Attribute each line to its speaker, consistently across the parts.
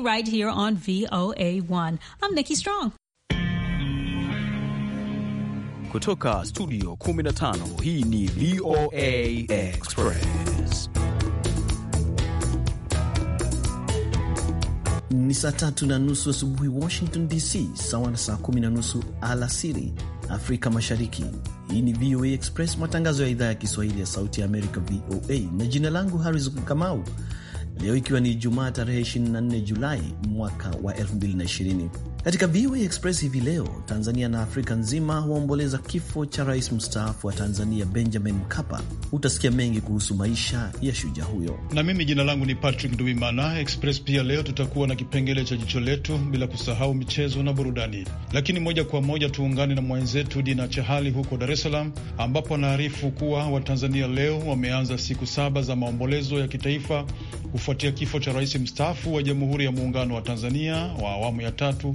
Speaker 1: right here on VOA1. I'm Nikki Strong.
Speaker 2: Kutoka studio 15 hii ni VOA Express. Ni saa tatu na nusu asubuhi Washington DC, sawa na saa kumi na nusu alasiri Afrika Mashariki. Hii ni VOA Express, matangazo ya idhaa ya Kiswahili ya Sauti ya Amerika, VOA, na jina langu Harrison Kamau leo ikiwa ni Jumaa tarehe 24 Julai mwaka wa 2020. Katika VOA Express hivi leo, Tanzania na Afrika nzima waomboleza kifo cha rais mstaafu wa Tanzania Benjamin Mkapa. Utasikia mengi kuhusu maisha ya shujaa huyo.
Speaker 3: Na mimi jina langu ni Patrick Duimana. Express pia leo tutakuwa na kipengele cha jicho letu, bila kusahau michezo na burudani. Lakini moja kwa moja tuungane na mwenzetu Dina Chahali huko Dar es Salaam, ambapo anaarifu kuwa Watanzania leo wameanza siku saba za maombolezo ya kitaifa kufuatia kifo cha rais mstaafu wa Jamhuri ya Muungano wa Tanzania wa awamu ya tatu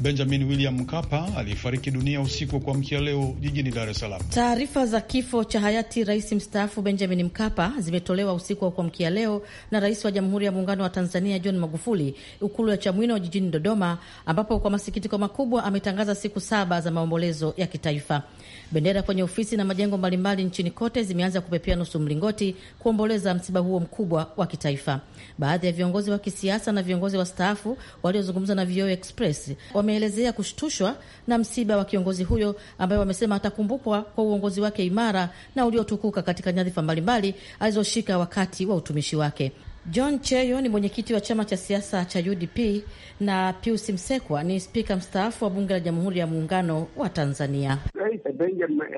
Speaker 3: Benjamin William Mkapa aliyefariki dunia usiku wa kuamkia leo jijini Dar es Salaam.
Speaker 1: Taarifa za kifo cha hayati rais mstaafu Benjamin Mkapa zimetolewa usiku wa kuamkia leo na rais wa Jamhuri ya Muungano wa Tanzania John Magufuli, Ikulu ya Chamwino jijini Dodoma, ambapo kwa masikitiko makubwa ametangaza siku saba za maombolezo ya kitaifa. Bendera kwenye ofisi na majengo mbalimbali nchini kote zimeanza kupepea nusu mlingoti kuomboleza msiba huo mkubwa wa kitaifa. Baadhi ya viongozi wa kisiasa na viongozi wastaafu waliozungumza na VOA Express wameelezea kushtushwa na msiba wa kiongozi huyo ambaye wamesema atakumbukwa kwa uongozi wake imara na uliotukuka katika nyadhifa mbalimbali alizoshika wakati wa utumishi wake. John Cheyo ni mwenyekiti wa chama cha siasa cha UDP na Pius Msekwa ni spika mstaafu wa bunge la Jamhuri ya Muungano wa Tanzania.
Speaker 4: Rais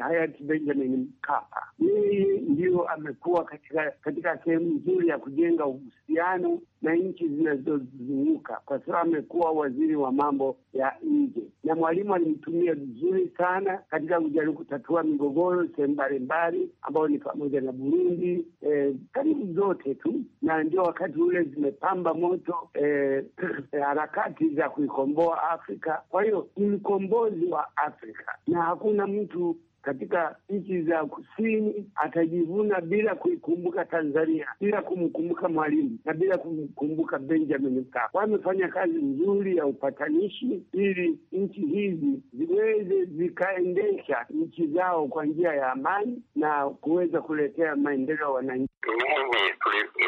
Speaker 4: hayati Benjamin Mkapa yeye ndiyo amekuwa katika katika sehemu nzuri ya kujenga uhusiano na nchi zinazozunguka kwa sababu amekuwa waziri wa mambo ya nje, na Mwalimu alimtumia vizuri sana katika kujaribu kutatua migogoro sehemu mbalimbali ambayo ni pamoja na Burundi, eh, karibu zote tu na ndio wakati ule zimepamba moto eh, harakati za kuikomboa Afrika. Kwa hiyo ni mkombozi wa Afrika na hakuna mtu katika nchi za kusini atajivuna bila kuikumbuka Tanzania, bila kumkumbuka Mwalimu na bila kumkumbuka Benjamin Mkapa. Wamefanya kazi nzuri ya upatanishi ili nchi hizi ziweze zikaendesha nchi zao kwa njia ya amani na kuweza kuletea maendeleo wananchi. Mimi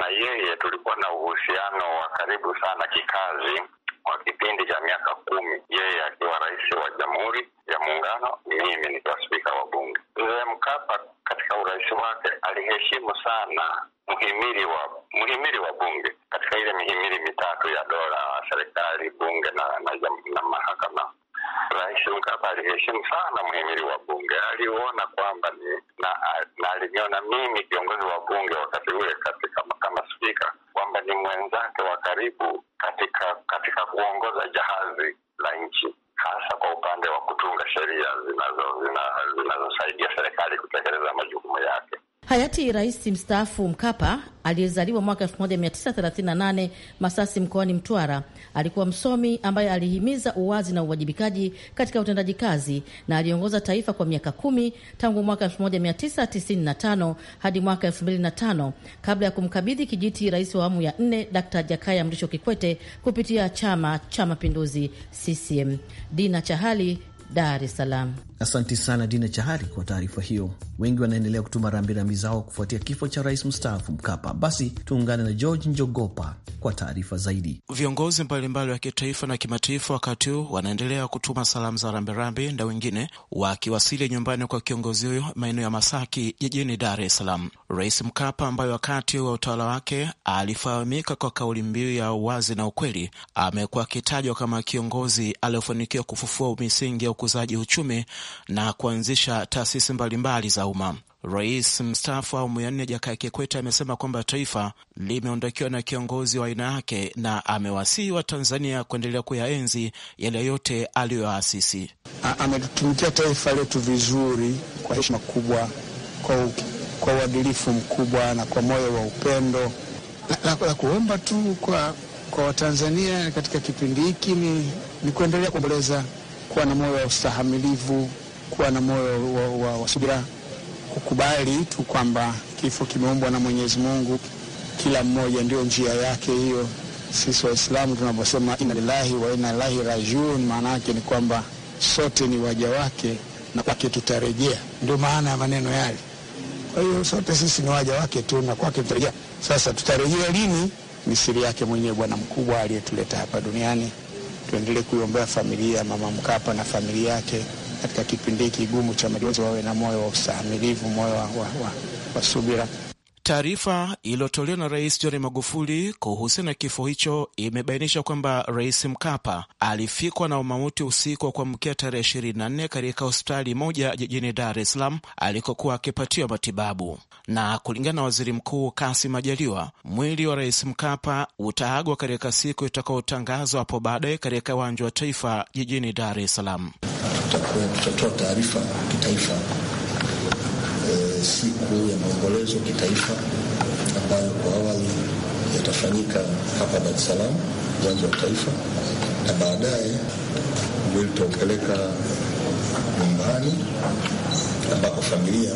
Speaker 4: na yeye tulikuwa na uhusiano wa karibu sana kikazi kwa kipindi cha miaka kumi, yeye akiwa rais wa kuheshimu sana mhimili wa mhimili wa bunge katika ile mihimili mitatu ya dola, serikali, bunge na, na, na mahakama. Rais Mkapa aliheshimu sana mhimili wa bunge.
Speaker 1: Wakati rais mstaafu Mkapa aliyezaliwa mwaka 1938 Masasi mkoani Mtwara alikuwa msomi ambaye alihimiza uwazi na uwajibikaji katika utendaji kazi na aliongoza taifa kwa miaka kumi tangu mwaka 1995 hadi mwaka 2005 kabla ya kumkabidhi kijiti rais wa awamu ya nne Dkt. Jakaya Mrisho Kikwete kupitia Chama cha Mapinduzi CCM. Dina Chahali Dar es Salaam.
Speaker 2: Asanti sana Dina Chahari kwa taarifa hiyo. Wengi wanaendelea kutuma rambirambi zao kufuatia kifo cha rais mstaafu Mkapa. Basi tuungane na George Njogopa kwa taarifa zaidi.
Speaker 5: Viongozi mbalimbali wa kitaifa na kimataifa wakati huu wanaendelea kutuma salamu za rambirambi na wengine wakiwasili nyumbani kwa kiongozi huyo maeneo ya Masaki jijini Dar es Salaam. Rais Mkapa ambaye wakati wa utawala wake alifahamika kwa kauli mbiu ya uwazi na ukweli, amekuwa akitajwa kama kiongozi aliyofanikiwa kufufua misingi ya ukuzaji uchumi na kuanzisha taasisi mbalimbali za umma. Rais mstaafu awamu ya nne Jakaya Kikwete amesema kwamba taifa limeondokiwa na kiongozi wa aina yake na amewasihi Watanzania kuendelea kuyaenzi yale yote aliyoasisi. Ametutumikia
Speaker 3: taifa
Speaker 6: letu vizuri kwa heshima kubwa, kwa uadilifu mkubwa na kwa moyo wa upendo. La, la, la kuomba tu kwa, kwa Watanzania katika kipindi hiki ni, ni kuendelea kuomboleza kuwa na moyo wa ustahamilivu, kuwa na moyo wa, wa, wa subira, kukubali tu kwamba kifo kimeumbwa na Mwenyezi Mungu, kila mmoja ndio njia yake hiyo. Sisi Waislamu tunaposema inna lillahi wa inna ilaihi rajiun, maana yake ni kwamba sote ni waja wake na kwake tutarejea. Ndio maana ya maneno yale. Kwa hiyo sote sisi ni waja wake tu na kwake tutarejea. Sasa tutarejea lini? Ni siri yake mwenyewe Bwana mkubwa aliyetuleta hapa duniani tuendelee kuiombea familia ya Mama Mkapa na familia yake katika kipindi hiki kigumu cha majonzi, wawe na moyo wa ustahimilivu, moyo wa, wa, wa, wa subira.
Speaker 5: Taarifa iliyotolewa na Rais John Magufuli kuhusiana na kifo hicho imebainisha kwamba Rais Mkapa alifikwa na umauti usiku wa kuamkia tarehe 24 katika hospitali moja jijini Dar es Salaam alikokuwa akipatiwa matibabu, na kulingana na Waziri Mkuu Kassim Majaliwa, mwili wa Rais Mkapa utaagwa katika siku itakayotangazwa hapo baadaye katika uwanja wa Taifa jijini Dar es Salaam.
Speaker 6: tutatoa taarifa kitaifa siku ya maombolezo kitaifa ambayo kwa awali yatafanyika hapa Dar es Salaam, uwanja wa
Speaker 7: Taifa, na baadaye ndio tutaupeleka nyumbani
Speaker 5: ambako familia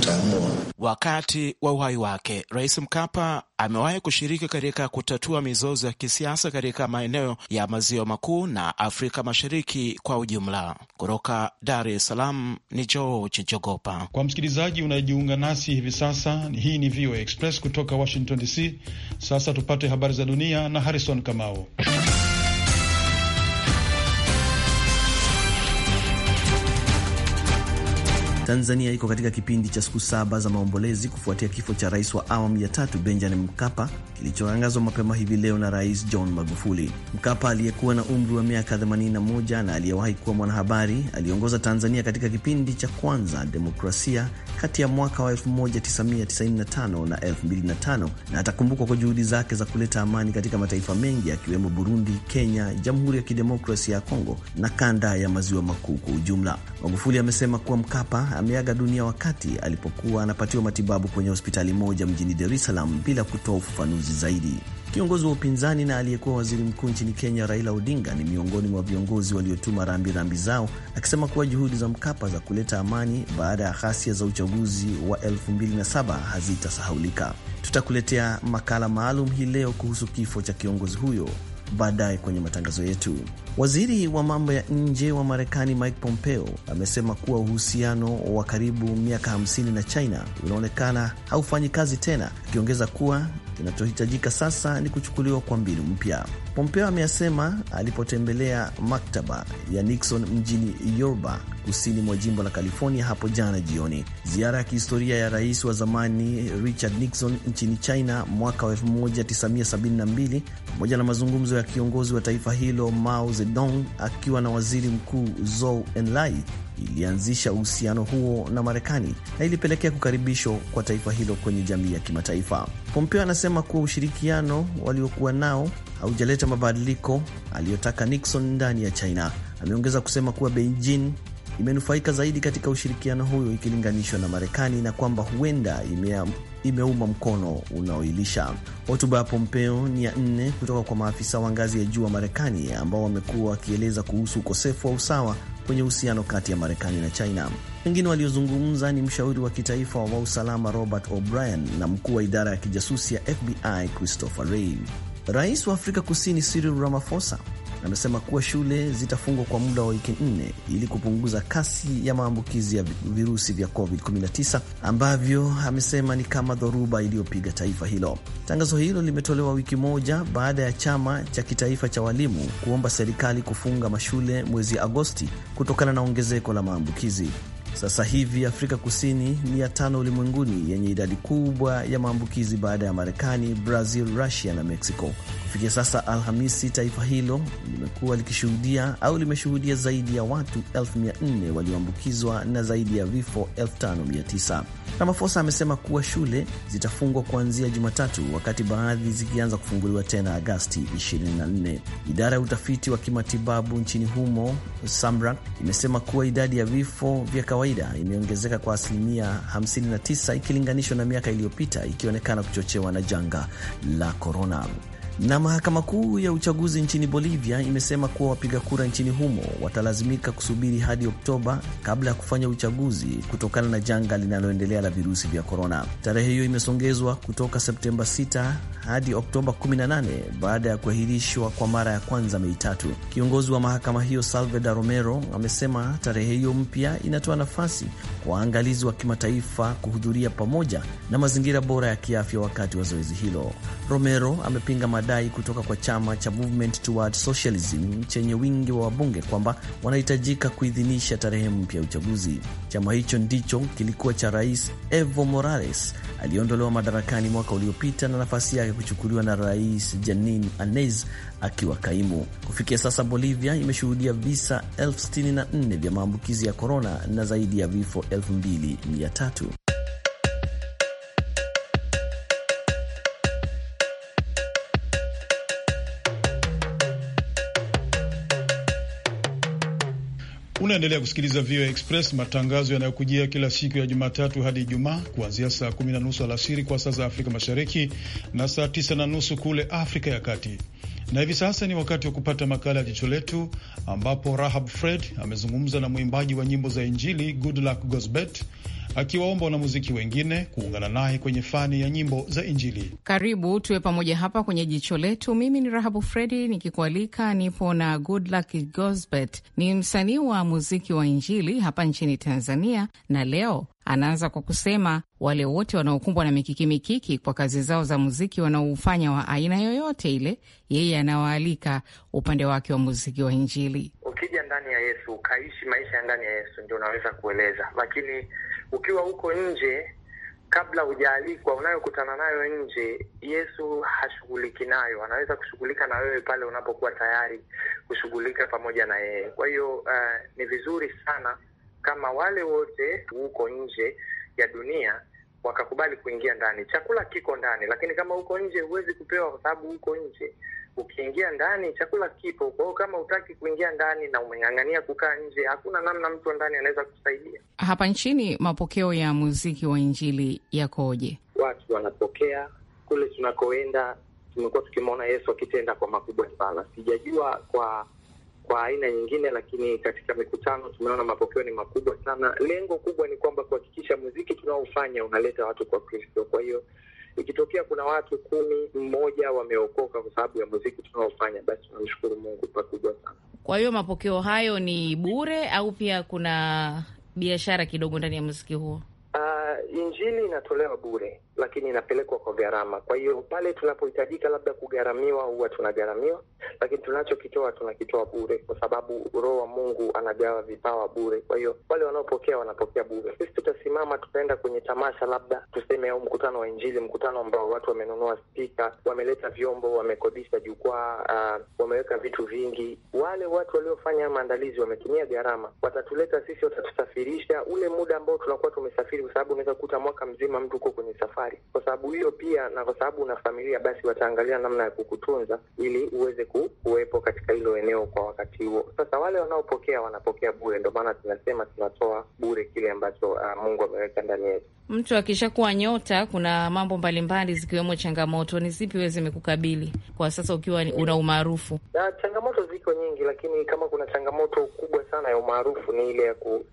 Speaker 5: tutaamua. Wakati wa uhai wake, Rais Mkapa amewahi kushiriki katika kutatua mizozo ya kisiasa katika maeneo ya maziwa makuu na Afrika Mashariki kwa ujumla. Kutoka Dar es Salaam ni George Jogopa.
Speaker 3: Kwa msikilizaji unayejiunga nasi hivi sasa, hii ni VOA Express kutoka Washington DC. Sasa tupate habari za dunia na Harrison Kamau.
Speaker 2: Tanzania iko katika kipindi cha siku saba za maombolezi kufuatia kifo cha rais wa awamu ya tatu Benjamin Mkapa kilichoangazwa mapema hivi leo na Rais John Magufuli. Mkapa aliyekuwa na umri wa miaka 81 na aliyewahi kuwa mwanahabari aliongoza Tanzania katika kipindi cha kwanza demokrasia kati ya mwaka wa 1995 na 2005 na atakumbukwa kwa juhudi zake za kuleta amani katika mataifa mengi akiwemo Burundi, Kenya, Jamhuri ya Kidemokrasia ya Kongo na kanda ya Maziwa Makuu kwa ujumla. Magufuli amesema kuwa Mkapa ameaga dunia wakati alipokuwa anapatiwa matibabu kwenye hospitali moja mjini Dar es Salaam bila kutoa ufafanuzi zaidi. Kiongozi wa upinzani na aliyekuwa waziri mkuu nchini Kenya Raila Odinga ni miongoni mwa viongozi waliotuma rambi rambi zao, akisema kuwa juhudi za Mkapa za kuleta amani baada ya ghasia za uchaguzi wa 2007 hazitasahaulika. Tutakuletea makala maalum hii leo kuhusu kifo cha kiongozi huyo baadaye kwenye matangazo yetu. Waziri wa mambo ya nje wa Marekani Mike Pompeo amesema kuwa uhusiano wa karibu miaka 50 na China unaonekana haufanyi kazi tena, akiongeza kuwa Kinachohitajika sasa ni kuchukuliwa kwa mbinu mpya, Pompeo ameyasema alipotembelea maktaba ya Nixon mjini Yorba, kusini mwa jimbo la California hapo jana jioni. Ziara ya kihistoria ya rais wa zamani Richard Nixon nchini China mwaka wa 1972 pamoja na mazungumzo ya kiongozi wa taifa hilo Mao Zedong akiwa na waziri mkuu Zhou Enlai ilianzisha uhusiano huo na Marekani na ilipelekea kukaribishwa kwa taifa hilo kwenye jamii ya kimataifa. Pompeo anasema kuwa ushirikiano waliokuwa nao haujaleta mabadiliko aliyotaka Nixon ndani ya China. Ameongeza kusema kuwa Beijing imenufaika zaidi katika ushirikiano huyo ikilinganishwa na Marekani na kwamba huenda imeuma imeuma mkono unaoilisha. Hotuba ya Pompeo ni ya nne kutoka kwa maafisa wa ngazi ya juu wa Marekani ambao wamekuwa wakieleza kuhusu ukosefu wa usawa kwenye uhusiano kati ya Marekani na China. Wengine waliozungumza ni mshauri wa kitaifa wa usalama Robert O'Brien na mkuu wa idara ya kijasusi ya FBI Christopher Wray. Rais wa Afrika Kusini Cyril Ramaphosa amesema kuwa shule zitafungwa kwa muda wa wiki nne ili kupunguza kasi ya maambukizi ya virusi vya COVID-19 ambavyo amesema ni kama dhoruba iliyopiga taifa hilo. Tangazo hilo limetolewa wiki moja baada ya chama cha kitaifa cha walimu kuomba serikali kufunga mashule mwezi Agosti kutokana na ongezeko la maambukizi. Sasa hivi Afrika Kusini ni ya tano ulimwenguni yenye idadi kubwa ya maambukizi baada ya Marekani, Brazil, Russia na Mexico. Kufikia sasa Alhamisi, taifa hilo limekuwa likishuhudia au limeshuhudia zaidi ya watu 4 walioambukizwa na zaidi ya vifo 59. Ramafosa amesema kuwa shule zitafungwa kuanzia Jumatatu, wakati baadhi zikianza kufunguliwa tena Agasti 24. Idara ya utafiti wa kimatibabu nchini humo SAMRAK imesema kuwa idadi ya vifo vya kawaida imeongezeka kwa asilimia 59 ikilinganishwa na miaka iliyopita, ikionekana kuchochewa na janga la korona. Na mahakama kuu ya uchaguzi nchini Bolivia imesema kuwa wapiga kura nchini humo watalazimika kusubiri hadi Oktoba kabla ya kufanya uchaguzi kutokana na janga linaloendelea la virusi vya korona. Tarehe hiyo imesongezwa kutoka Septemba 6 hadi Oktoba 18 baada ya kuahirishwa kwa mara ya kwanza Mei tatu. Kiongozi wa mahakama hiyo Salvador Romero amesema tarehe hiyo mpya inatoa nafasi kwa waangalizi wa kimataifa kuhudhuria pamoja na mazingira bora ya kiafya wakati wa zoezi hilo. Romero amepinga madai kutoka kwa chama cha Movement Toward Socialism chenye wingi wa wabunge kwamba wanahitajika kuidhinisha tarehe mpya ya uchaguzi. Chama hicho ndicho kilikuwa cha Rais Evo Morales aliyeondolewa madarakani mwaka uliopita na nafasi yake kuchukuliwa na Rais Janin Anez akiwa kaimu. Kufikia sasa, Bolivia imeshuhudia visa elfu sitini na nne vya maambukizi ya korona na zaidi ya vifo elfu mbili mia tatu.
Speaker 3: Unaendelea kusikiliza VOA Express, matangazo yanayokujia kila siku ya Jumatatu hadi Ijumaa, kuanzia saa kumi na nusu alasiri kwa saa za Afrika Mashariki na saa tisa na nusu kule Afrika ya Kati. Na hivi sasa ni wakati wa kupata makala ya Jicho Letu, ambapo Rahab Fred amezungumza na mwimbaji wa nyimbo za Injili Goodluck Gosbet akiwaomba wanamuziki wengine kuungana naye kwenye fani ya nyimbo za Injili.
Speaker 8: Karibu tuwe pamoja hapa kwenye jicho letu. Mimi ni Rahabu Fredi nikikualika, nipo na Goodluck Gosbet, ni msanii wa muziki wa Injili hapa nchini Tanzania, na leo anaanza kwa kusema wale wote wanaokumbwa na mikiki mikiki kwa kazi zao za muziki wanaoufanya wa aina yoyote ile, yeye anawaalika upande wake wa muziki wa Injili.
Speaker 4: Ukija ndani ya Yesu, ukaishi maisha ya ndani ya Yesu, ndio unaweza kueleza, lakini ukiwa huko nje kabla hujaalikwa, unayokutana nayo nje, Yesu hashughuliki nayo. Anaweza kushughulika na wewe pale unapokuwa tayari kushughulika pamoja na yeye. Kwa hiyo uh, ni vizuri sana kama wale wote huko nje ya dunia wakakubali kuingia ndani. Chakula kiko ndani, lakini kama uko nje huwezi kupewa, kwa sababu huko nje ukiingia ndani chakula kipo. Kwa hiyo kama hutaki kuingia ndani na umeng'ang'ania kukaa nje, hakuna namna mtu ndani anaweza kusaidia.
Speaker 8: Hapa nchini mapokeo ya muziki wa Injili yakoje?
Speaker 4: Watu wanapokea kule tunakoenda, tumekuwa tukimwona Yesu akitenda kwa makubwa sana. Sijajua kwa kwa aina nyingine, lakini katika mikutano tumeona mapokeo ni makubwa sana. Lengo kubwa ni kwamba kuhakikisha muziki tunaofanya unaleta watu kwa Kristo, kwa hiyo ikitokea kuna watu kumi, mmoja wameokoka kwa sababu ya muziki tunaofanya, basi tunamshukuru Mungu pakubwa sana.
Speaker 8: Kwa hiyo mapokeo hayo ni bure au pia kuna biashara kidogo ndani ya muziki huo?
Speaker 4: Uh, injili inatolewa bure lakini inapelekwa kwa gharama. Kwa hiyo pale tunapohitajika labda kugharamiwa, huwa tunagharamiwa, lakini tunachokitoa tunakitoa bure, kwa sababu Roho wa Mungu anagawa vipawa bure. Kwa hiyo wale wanaopokea wanapokea bure. Sisi tutasimama, tutaenda kwenye tamasha labda tuseme, au mkutano wa Injili, mkutano ambao watu wamenunua spika, wameleta vyombo, wamekodisha jukwaa, uh, wameweka vitu vingi. Wale watu waliofanya maandalizi wametumia gharama, watatuleta sisi, watatusafirisha ule muda ambao tunakuwa tumesafiri, kwa sababu unaweza kukuta mwaka mzima mtu uko kwenye safari mbalimbali, kwa sababu hiyo pia, na kwa sababu una familia, basi wataangalia namna ya kukutunza ili uweze kuwepo katika hilo eneo kwa wakati huo. Sasa wale wanaopokea wanapokea bure, ndio maana tunasema tunatoa bure kile ambacho uh, Mungu ameweka ndani yetu.
Speaker 8: Mtu akishakuwa nyota, kuna mambo mbalimbali zikiwemo changamoto. Ni zipi wewe zimekukabili kwa sasa ukiwa una umaarufu?
Speaker 4: Na changamoto ziko nyingi, lakini kama kuna changamoto kubwa sana ya umaarufu ni ile ya, ku,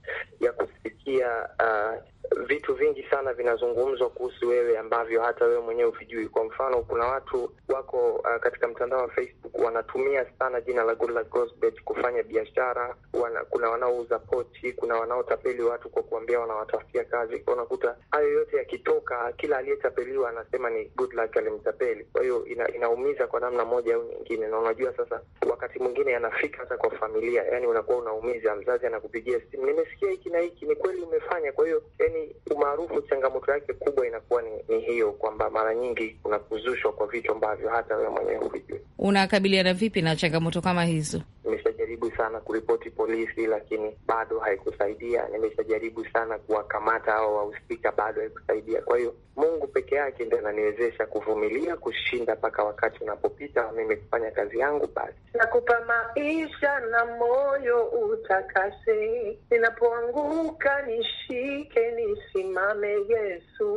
Speaker 4: ya kusikia uh, vitu vingi sana vinazungumzwa kuhusu wewe ambavyo hata wewe mwenyewe huvijui. Kwa mfano, kuna watu wako uh, katika mtandao wa Facebook wanatumia sana jina la Goodluck Gozbert kufanya biashara. Wana, kuna wanaouza pochi, kuna wanaotapeli watu kwa kuambia wanawatafutia kazi. unakuta hayo yote yakitoka, kila aliyetapeliwa anasema ni Goodluck alimtapeli. Kwa hiyo ina, inaumiza kwa namna moja au nyingine, na unajua sasa, wakati mwingine yanafika hata kwa familia, yani unakuwa unaumiza. Mzazi anakupigia simu, nimesikia hiki na hiki, ni kweli umefanya? Kwa hiyo yani Nadhani umaarufu changamoto yake kubwa inakuwa ni, ni hiyo kwamba mara nyingi kuna kuzushwa kwa vitu ambavyo hata wewe mwenyewe huvijui.
Speaker 8: Unakabiliana vipi na changamoto kama hizo?
Speaker 4: Nimeshajaribu sana kuripoti polisi, lakini bado haikusaidia. Nimeshajaribu sana kuwakamata hao wahusika, bado haikusaidia. Kwa hiyo Mungu peke yake ndo ananiwezesha kuvumilia, kushinda mpaka wakati unapopita mimi kufanya kazi yangu. Basi nakupa maisha na moyo utakase, ninapoanguka nishike ni simame Yesu.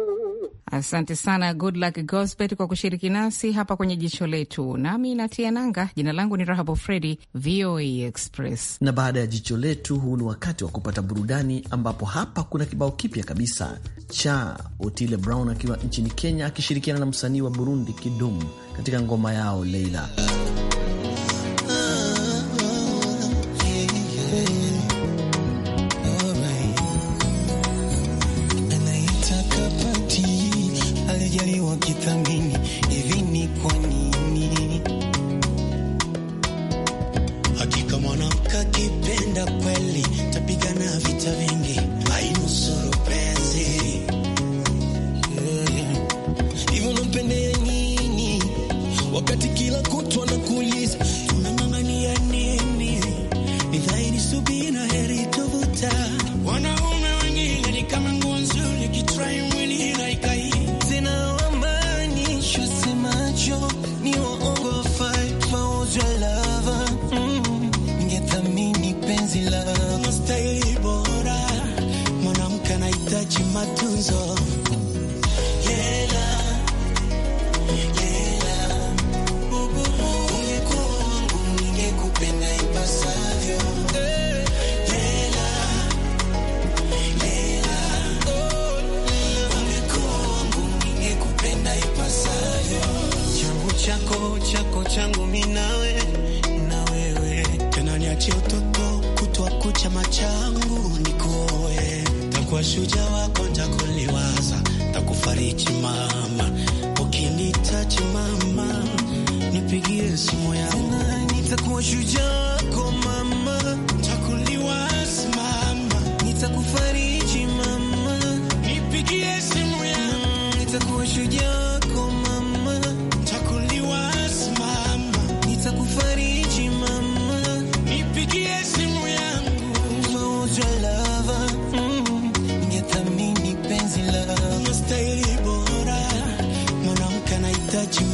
Speaker 8: Asante sana Good Luck Gospel kwa kushiriki nasi hapa kwenye jicho letu, nami natia nanga. Jina langu ni Rahabu Fredi, VOA Express.
Speaker 2: Na baada ya jicho letu, huu ni wakati wa kupata burudani, ambapo hapa kuna kibao kipya kabisa cha Otile Brown akiwa nchini Kenya akishirikiana na msanii wa Burundi Kidum katika ngoma yao Leila.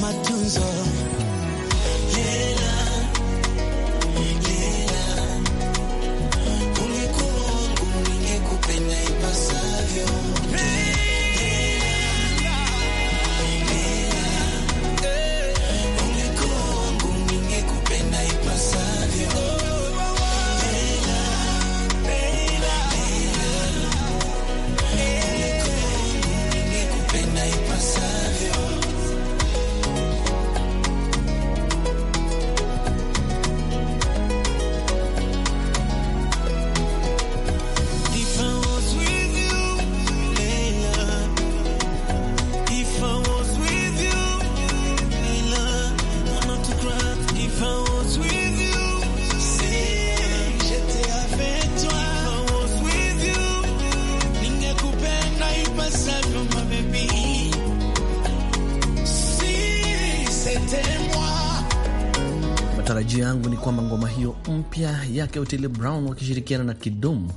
Speaker 2: my Matarajio yangu ni kwamba ngoma hiyo mpya yake Otile Brown wakishirikiana na Kidum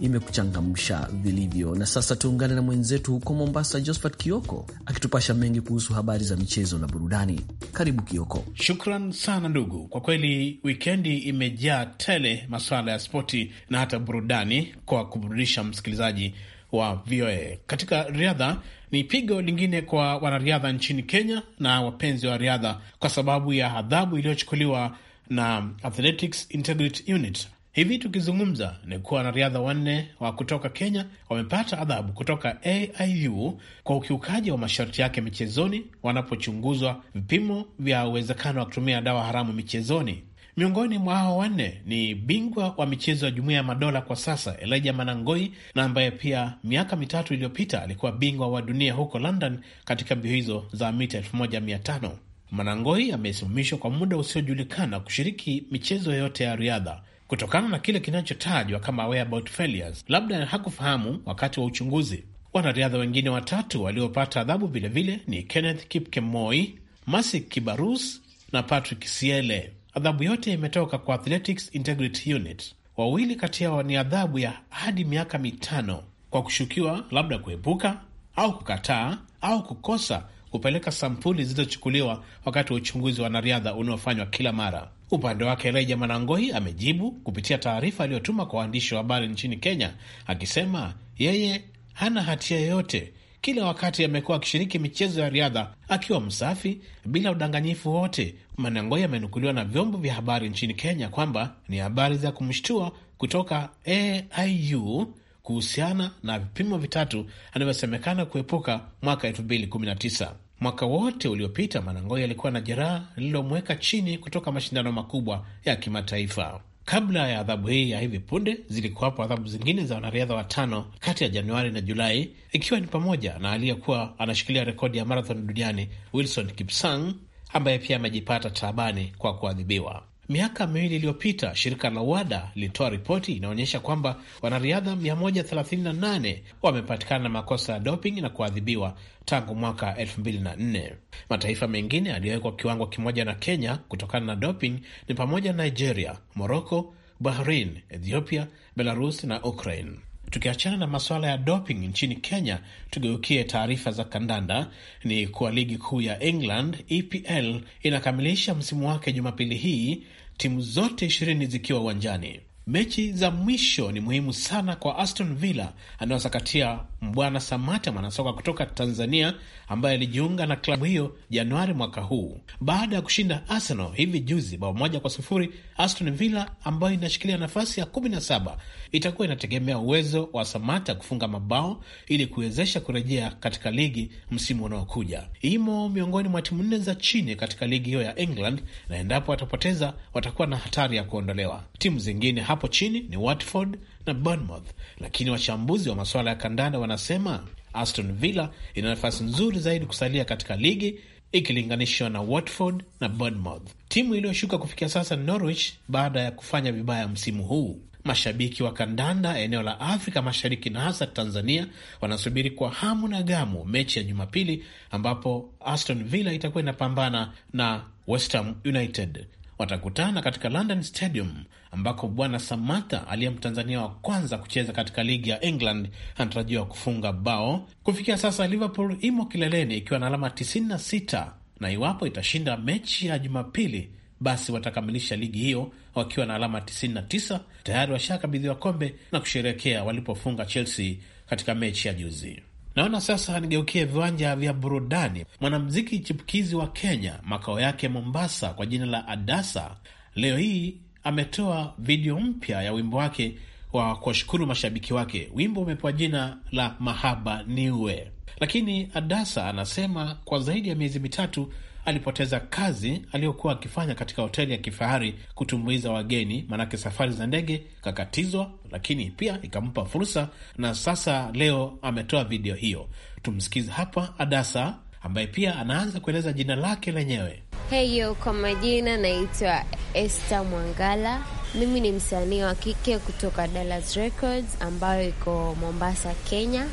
Speaker 2: imekuchangamsha vilivyo. Na sasa tuungane na mwenzetu huko Mombasa, Josphat Kioko akitupasha mengi kuhusu habari za michezo na burudani. Karibu Kioko. Shukran sana ndugu,
Speaker 6: kwa kweli wikendi imejaa tele masuala ya spoti na hata burudani kwa kuburudisha msikilizaji wa VOA. Katika riadha ni pigo lingine kwa wanariadha nchini Kenya na wapenzi wa riadha kwa sababu ya adhabu iliyochukuliwa na Athletics Integrity Unit. Hivi tukizungumza ni kuwa wanariadha wanne wa kutoka Kenya wamepata adhabu kutoka AIU kwa ukiukaji wa masharti yake michezoni, wanapochunguzwa vipimo vya uwezekano wa kutumia dawa haramu michezoni. Miongoni mwa hao wanne ni bingwa wa michezo ya Jumuiya ya Madola kwa sasa Elijah Manangoi, na ambaye pia miaka mitatu iliyopita alikuwa bingwa wa dunia huko London katika mbio hizo za mita 1500. Manangoi amesimamishwa kwa muda usiojulikana kushiriki michezo yoyote ya riadha kutokana na kile kinachotajwa kama whereabout failures, labda hakufahamu wakati wa uchunguzi. Wanariadha wengine watatu waliopata adhabu vilevile ni Kenneth Kipkemoi, Masi Kibarus na Patrick Siele. Adhabu yote imetoka kwa Athletics Integrity Unit. Wawili kati yao ni adhabu ya hadi miaka mitano kwa kushukiwa labda kuepuka au kukataa au kukosa kupeleka sampuli zilizochukuliwa wakati wa uchunguzi wa wanariadha unaofanywa kila mara. Upande wake Reja Manangoi amejibu kupitia taarifa aliyotuma kwa waandishi wa habari nchini Kenya akisema yeye hana hatia yoyote kila wakati amekuwa akishiriki michezo ya riadha akiwa msafi bila udanganyifu wote. Manangoi amenukuliwa na vyombo vya habari nchini Kenya kwamba ni habari za kumshtua kutoka AIU kuhusiana na vipimo vitatu anavyosemekana kuepuka mwaka 2019. Mwaka wote uliopita Manangoi alikuwa na jeraha lililomweka chini kutoka mashindano makubwa ya kimataifa. Kabla ya adhabu hii ya hivi punde, zilikuwapo adhabu zingine za wanariadha watano kati ya Januari na Julai, ikiwa ni pamoja na aliyekuwa anashikilia rekodi ya marathon duniani Wilson Kipsang ambaye pia amejipata taabani kwa kuadhibiwa. Miaka miwili iliyopita shirika la WADA lilitoa ripoti inaonyesha kwamba wanariadha 138 wamepatikana na makosa ya doping na kuadhibiwa tangu mwaka 2004. Mataifa mengine yaliyowekwa kiwango kimoja na Kenya kutokana na doping ni pamoja na Nigeria, moroko Bahrain, Ethiopia, Belarus na Ukraine. Tukiachana na masuala ya doping nchini Kenya, tugeukie taarifa za kandanda. Ni kuwa ligi kuu ya England EPL inakamilisha msimu wake Jumapili hii, timu zote ishirini zikiwa uwanjani. Mechi za mwisho ni muhimu sana kwa Aston Villa anayosakatia Mbwana Samata, mwanasoka kutoka Tanzania ambaye alijiunga na klabu hiyo Januari mwaka huu baada ya kushinda Arsenal hivi juzi bao moja kwa sufuri. Aston Villa ambayo inashikilia nafasi ya kumi na saba itakuwa inategemea uwezo wa Samata kufunga mabao ili kuwezesha kurejea katika ligi msimu unaokuja. Imo miongoni mwa timu nne za chini katika ligi hiyo ya England, na endapo watapoteza watakuwa na hatari ya kuondolewa. Timu zingine hapo chini ni Watford na Bournemouth, lakini wachambuzi wa masuala ya kandanda wanasema Aston Villa ina nafasi nzuri zaidi kusalia katika ligi ikilinganishwa na Watford na Bournemouth, timu iliyoshuka kufikia sasa Norwich, baada ya kufanya vibaya msimu huu. Mashabiki wa kandanda eneo la Afrika Mashariki na hasa Tanzania wanasubiri kwa hamu na gamu mechi ya Jumapili ambapo Aston Villa itakuwa inapambana na West Ham United watakutana katika London Stadium ambako Bwana Samata aliye Mtanzania wa kwanza kucheza katika ligi ya England anatarajiwa kufunga bao. Kufikia sasa, Liverpool imo kileleni ikiwa na alama 96 na iwapo itashinda mechi ya Jumapili basi watakamilisha ligi hiyo wakiwa na alama 99. Tayari washakabidhiwa kombe na kusherekea walipofunga Chelsea katika mechi ya juzi. Naona sasa nigeukie viwanja vya burudani. Mwanamziki chipukizi wa Kenya, makao yake Mombasa, kwa jina la Adasa, leo hii ametoa video mpya ya wimbo wake wa kuwashukuru mashabiki wake. Wimbo umepewa jina la Mahaba Niwe, lakini Adasa anasema kwa zaidi ya miezi mitatu alipoteza kazi aliyokuwa akifanya katika hoteli ya kifahari kutumbuiza wageni, maanake safari za ndege kakatizwa, lakini pia ikampa fursa, na sasa leo ametoa video hiyo. Tumsikize hapa Adasa ambaye pia anaanza kueleza jina lake lenyewe.
Speaker 9: Heyo, kwa majina naitwa Esther Mwangala. Mimi ni msanii wa kike kutoka Dallas Records ambayo iko Mombasa, Kenya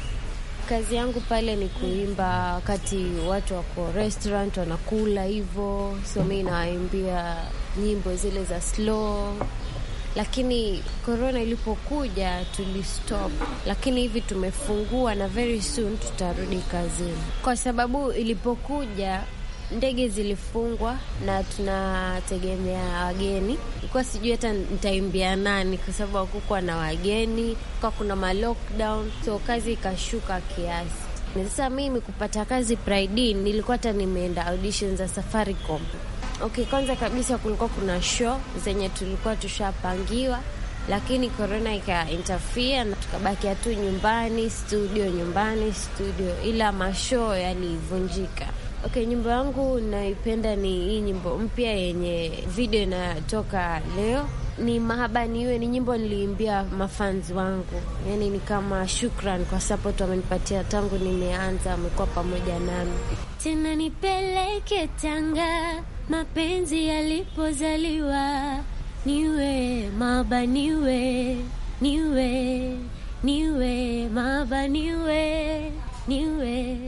Speaker 9: kazi yangu pale ni kuimba wakati watu wako restaurant wanakula hivyo, so mi nawaimbia nyimbo zile za slow lakini korona ilipokuja tulistop, lakini hivi tumefungua na very soon tutarudi kazini, kwa sababu ilipokuja ndege zilifungwa na tunategemea wageni. Ilikuwa sijui hata nitaimbia nani, kwa sababu hakukuwa na wageni, kwa kuna ma so kazi ikashuka kiasi. Sasa mimi kupata kazi Pride nilikuwa hata nimeenda audition za Safaricom. Okay, kwanza kabisa kulikuwa kuna show zenye tulikuwa tushapangiwa, lakini korona ika interfere na tukabakia tu nyumbani, studio nyumbani, studio, ila masho yalivunjika. Okay, nyimbo yangu naipenda ni hii nyimbo mpya yenye video inatoka leo ni mahabani iwe ni nyimbo niliimbia mafanzi wangu, yani ni kama shukran kwa support wamenipatia tangu nimeanza, wamekuwa pamoja nami. Tena nipeleke Tanga, mapenzi yalipozaliwa, niwe mahaba, niwe niwe niwe mahaba, niwe niwe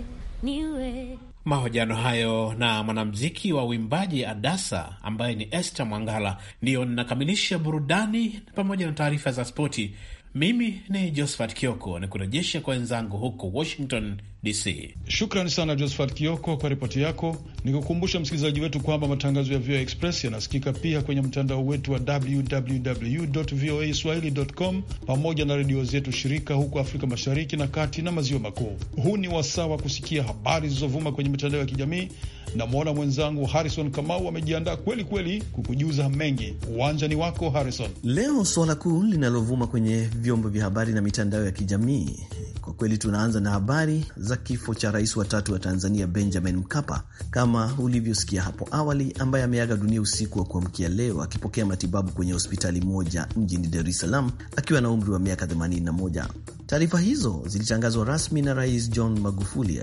Speaker 9: niwe
Speaker 6: Mahojiano hayo na mwanamziki wa uimbaji Adasa ambaye ni Esther Mwangala ndiyo ninakamilisha burudani pamoja na taarifa za spoti. Mimi ni Josephat Kioko, kurejesha kwa wenzangu huko Washington DC. Shukrani sana Josephat Kioko kwa ripoti
Speaker 3: yako. Nikukumbusha msikilizaji wetu kwamba matangazo ya VOA Express yanasikika pia kwenye mtandao wetu wa www voa swahili com pamoja na redio zetu shirika huko Afrika Mashariki na kati na maziwa makuu. Huu ni wasaa wa kusikia habari zilizovuma kwenye mitandao ya kijamii. Namwona mwenzangu Harrison Kamau amejiandaa kweli kweli kukujuza mengi. Uwanja ni wako Harrison.
Speaker 2: Leo suala kuu linalovuma kwenye vyombo vya habari na mitandao ya kijamii, kwa kweli tunaanza na habari za kifo cha rais wa tatu wa Tanzania Benjamin Mkapa kama ulivyosikia hapo awali, ambaye ameaga dunia usiku wa kuamkia leo akipokea matibabu kwenye hospitali moja mjini Dar es Salaam akiwa na umri wa miaka 81. Taarifa hizo zilitangazwa rasmi na Rais John Magufuli,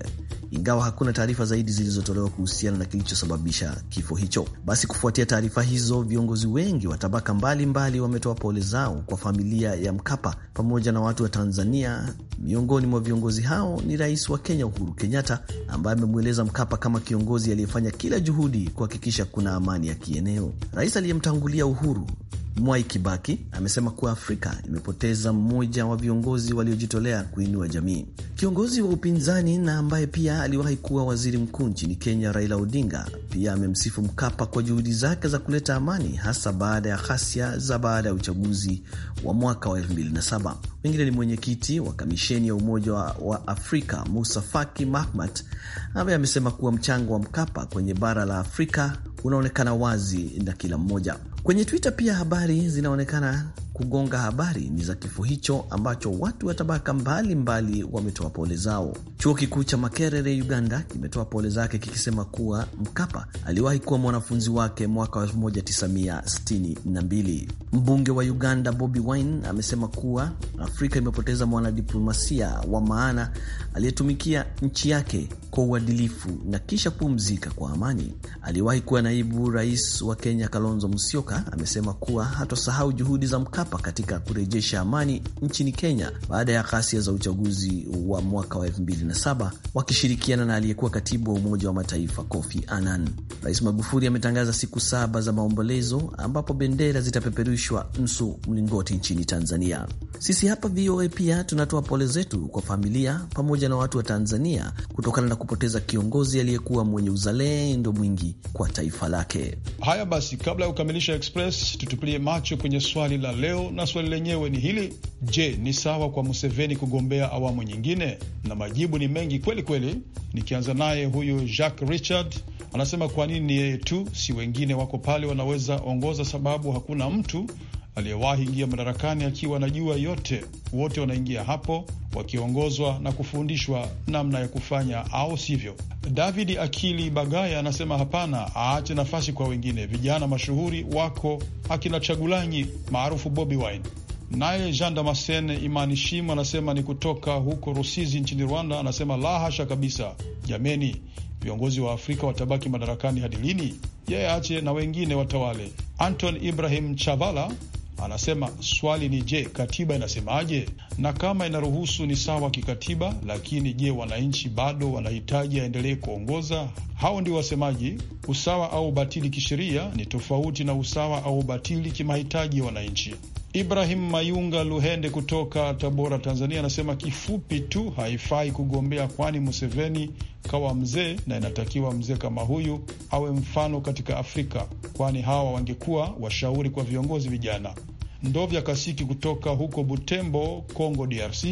Speaker 2: ingawa hakuna taarifa zaidi zilizotolewa kuhusiana na kilichosababisha kifo hicho. Basi kufuatia taarifa hizo, viongozi wengi wa tabaka mbalimbali wametoa pole zao kwa familia ya Mkapa pamoja na watu wa Tanzania. Miongoni mwa viongozi hao ni rais wa Kenya Uhuru Kenyatta, ambaye amemweleza Mkapa kama kiongozi aliyefanya kila juhudi kuhakikisha kuna amani ya kieneo. Rais aliyemtangulia Uhuru Mwai Kibaki amesema kuwa Afrika imepoteza mmoja wa viongozi waliojitolea kuinua jamii. Kiongozi wa upinzani na ambaye pia aliwahi kuwa waziri mkuu nchini Kenya, Raila Odinga, pia amemsifu Mkapa kwa juhudi zake za kuleta amani, hasa baada ya ghasia za baada ya uchaguzi wa mwaka wa 2007. Wengine ni mwenyekiti wa kamisheni ya Umoja wa Afrika Musa Faki Mahamat ambaye amesema kuwa mchango wa Mkapa kwenye bara la Afrika unaonekana wazi na kila mmoja. Kwenye Twitter pia habari zinaonekana kugonga habari ni za kifo hicho ambacho watu wa tabaka mbalimbali wametoa pole zao. Chuo kikuu cha Makerere, Uganda, kimetoa pole zake kikisema kuwa Mkapa aliwahi kuwa mwanafunzi wake mwaka wa 1962. Mbunge wa Uganda Bobi Wine amesema kuwa Afrika imepoteza mwanadiplomasia wa maana aliyetumikia nchi yake kwa uadilifu na kisha pumzika kwa amani. Aliwahi kuwa naibu rais wa Kenya Kalonzo Musyoka amesema kuwa hatosahau juhudi za Mkapa ameapa katika kurejesha amani nchini Kenya baada ya ghasia za uchaguzi wa mwaka wa 2007 wakishirikiana na aliyekuwa katibu wa Umoja wa Mataifa Kofi Annan. Rais Magufuli ametangaza siku saba za maombolezo ambapo bendera zitapeperushwa nusu mlingoti nchini Tanzania. Sisi hapa VOA pia tunatoa pole zetu kwa familia pamoja na watu wa Tanzania kutokana na kupoteza kiongozi aliyekuwa mwenye uzalendo mwingi kwa taifa lake.
Speaker 3: Haya basi, kabla ya kukamilisha Express tutupilie macho kwenye swali la leo leo, na swali lenyewe ni hili: je, ni sawa kwa Museveni kugombea awamu nyingine? Na majibu ni mengi kweli kweli. Nikianza naye huyu Jacques Richard anasema kwa nini ni yeye tu, si wengine wako pale wanaweza ongoza, sababu hakuna mtu aliyewahi ingia madarakani akiwa anajua yote, wote wanaingia hapo wakiongozwa na kufundishwa namna ya kufanya au sivyo. David Akili Bagaya anasema hapana, aache nafasi kwa wengine. Vijana mashuhuri wako akina Chagulanyi maarufu Bobi Wine. Naye Jean Damasen Imani Shim anasema ni kutoka huko Rusizi nchini Rwanda, anasema la hasha kabisa. Jameni, viongozi wa Afrika watabaki madarakani hadi lini? Yeye ache na wengine watawale. Anton Ibrahim Chavala Anasema swali ni je, katiba inasemaje? Na kama inaruhusu ni sawa kikatiba, lakini je, wananchi bado wanahitaji aendelee kuongoza? Hao ndio wasemaji. Usawa au batili kisheria ni tofauti na usawa au ubatili kimahitaji ya wananchi. Ibrahim Mayunga Luhende kutoka Tabora, Tanzania, anasema kifupi tu haifai kugombea, kwani Museveni kawa mzee, na inatakiwa mzee kama huyu awe mfano katika Afrika, kwani hawa wangekuwa washauri kwa viongozi vijana. Ndovya Kasiki kutoka huko Butembo, Congo DRC,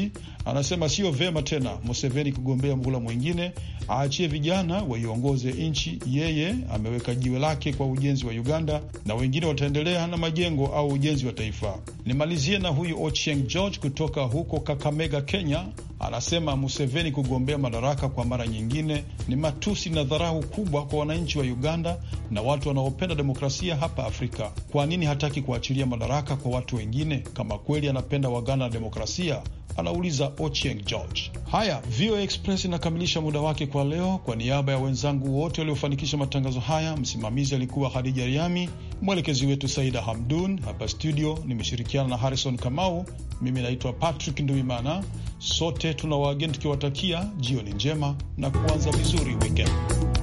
Speaker 3: anasema siyo vema tena Museveni kugombea mhula mwingine, aachie vijana waiongoze nchi. Yeye ameweka jiwe lake kwa ujenzi wa Uganda na wengine wataendelea na majengo au ujenzi wa taifa. Nimalizie na huyu Ochieng George kutoka huko Kakamega, Kenya, anasema Museveni kugombea madaraka kwa mara nyingine ni matusi na dharau kubwa kwa wananchi wa Uganda na watu wanaopenda demokrasia hapa Afrika. Kwa nini hataki kuachilia madaraka kwa watu wengine kama kweli anapenda wagana na demokrasia, anauliza Ochieng George. Haya, VOA Express inakamilisha muda wake kwa leo. Kwa niaba ya wenzangu wote waliofanikisha matangazo haya, msimamizi alikuwa Hadija Riami, mwelekezi wetu Saida Hamdun. Hapa studio nimeshirikiana na Harrison Kamau. Mimi naitwa Patrick Nduimana. Sote tuna waageni tukiwatakia jioni njema na kuanza vizuri wikendi.